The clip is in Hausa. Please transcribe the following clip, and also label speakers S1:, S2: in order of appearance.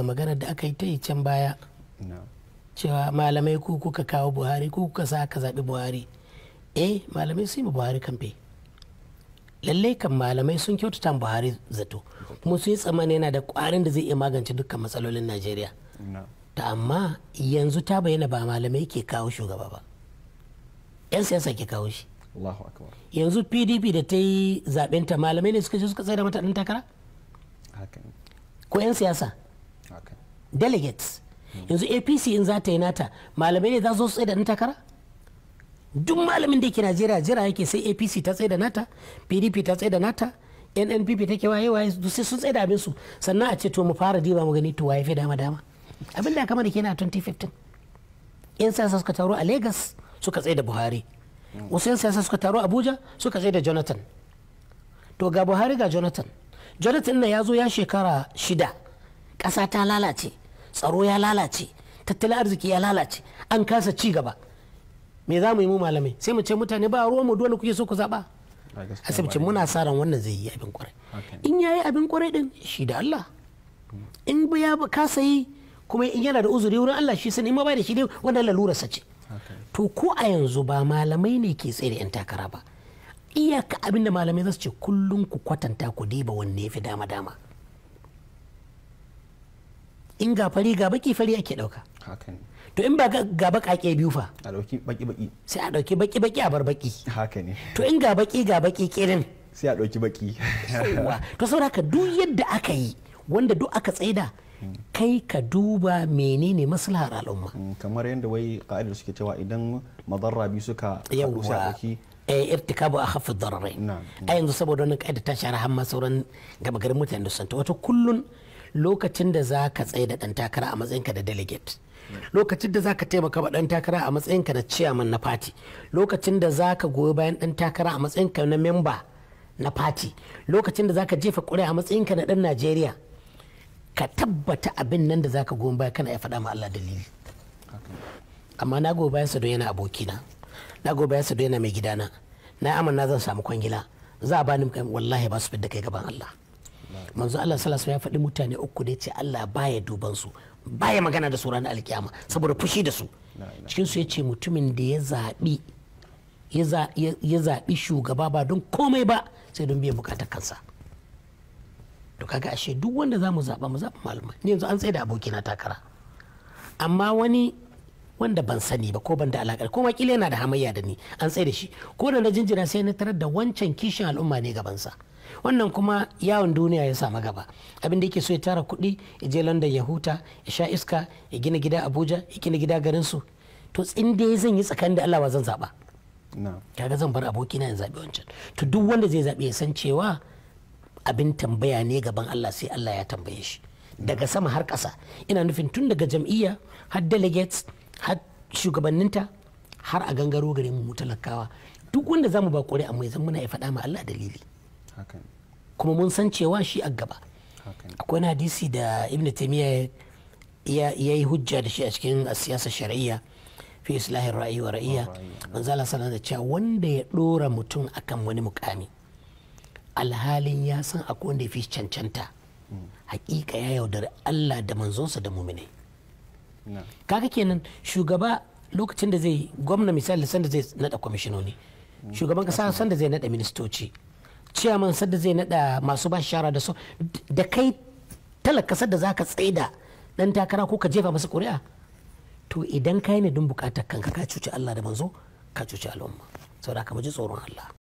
S1: ga maganar da aka yi ta yi can baya cewa malamai ku kuka kawo buhari ku kuka sa ka zaɓi buhari eh malamai sun yi buhari kamfe lallai kan malamai sun kyautata buhari zato kuma sun yi tsammani yana da ƙwarin da zai iya magance dukkan matsalolin najeriya ta amma yanzu ta bayyana ba malamai ke kawo shugaba ba 'yan siyasa ke kawo shi yanzu pdp da ta yi zaɓenta malamai ne suka ce suka tsaye da mata ɗan takara ko 'yan siyasa delegates yanzu apc in za ta yi nata malamai ne za su tsaye da ɗan takara duk malamin da yake najeriya jira yake sai apc ta tsaye da nata pdp ta tsaye da nata nnpp take waye waye sai sun tsaye da abin su sannan a ce to mu fara diba mu gani to waye fi dama dama abin da kama da ke na 2015 yan siyasa suka taro a lagos suka tsaye da buhari wasu yan siyasa suka taro abuja suka tsaye da jonathan to ga buhari ga jonathan jonathan na ya zo ya shekara shida ƙasa ta lalace tsaro ya lalace tattalin arziki ya lalace an kasa ci gaba me za mu yi mu malamai sai mu ce mutane ba ruwan mu dole kuke so ku zaɓa? asibiti muna sa ran wannan zai yi abin kwarai in ya yi abin kwarai din shi da Allah in ya kasa yi kuma in yana da uzuri wurin Allah shi sani ma ba da shi dai wannan lalurarsa ce to ko a yanzu ba malamai ne ke tsaye yan takara ba iyaka abin malamai za su ce kullum ku kwatanta ku diba wanne ya fi dama dama in ga fari ga baki fari ake dauka to in ba ga bakake biyu fa a dauki baki baki sai a dauki baki baki a bar baki haka ne to in ga baki ga baki kirin sai a dauki baki to saboda duk yadda aka yi wanda duk aka tsaida hmm. kai ka duba menene maslahar al'umma hmm, kamar yadda wai ka'idar suke cewa idan madarra bi suka haɗu sai a dauki eh, irtikabu a hafi dararai a yanzu saboda wannan ka'ida ta share har sauran gaba garin mutane da santa wata kullun lokacin da za ka tsaye da ɗan takara a matsayinka da delegate lokacin da za ka taimaka ɗan takara a matsayinka na ciyaman na party lokacin da za ka goyi bayan ɗan takara a matsayinka na memba na party lokacin da za ka jefa ƙuri'a a matsayinka na ɗan najeriya ka tabbata abin nan da za ka goyi bayan kana ya faɗa ma allah dalili amma na goyi bayan sa yana abokina na goyi bayan sa yana mai gidana na amana zan samu kwangila za a bani wallahi ba su fidda kai gaban allah manzo Allah salasu ya faɗi mutane uku da ya ce Allah baya duban su baya magana da su ranar alkiyama saboda fushi da su cikin su yace mutumin da ya zabi ya zabi shugaba ba don komai ba sai don biyan bukatar kansa to kaga ashe duk wanda za mu zaɓa mu zaɓa malama ne yanzu an tsaye da abokina takara amma wani wanda ban sani ba ko ban da alaƙar ko kila yana da hamayya da ni an tsaye da shi ko da na jinjira sai na tarar da wancan kishin al'umma ne gabansa wannan kuma yawon duniya ya samu gaba abin da yake so ya tara kuɗi ya je london ya huta ya sha iska ya gina gida abuja ya gina gida garin su to tsinde zan yi tsakanin da allah wa zan zaɓa kaga zan bar abokina yin zaɓi wancan to duk wanda zai zaɓi ya san cewa abin tambaya ne gaban allah sai allah ya tambaye shi daga sama har ƙasa ina nufin tun daga jam'iyya har delegates har shugabanninta har a gangaro gare mu talakawa duk wanda zamu ba ƙuri'a mai zan muna ya faɗa ma allah dalili kuma mun san cewa shi a gaba akwai hadisi da ibn taimiyya ya yi hujja da shi a cikin siyasa shari'a fi islahin ra'ayi wa ra'iya manzala sana da cewa wanda ya dora mutum akan wani mukami alhalin ya san akwai wanda ya fi cancanta hmm. hakika ya yaudari Allah da manzonsa da mumine kaga kenan shugaba lokacin da zai gwamna misali sanda zai nada kwamishinoni hmm. shugaban kasa sanda zai nada ministoci ciyaman sadda zai nada masu ba shara da su da kai talaka sadda za ka tsaida dan takara ko ka jefa masa kuri'a to idan ka yi ne don bukatar kanka ka cuci Allah da manzo ka cuci al'umma saboda ka ji tsoron Allah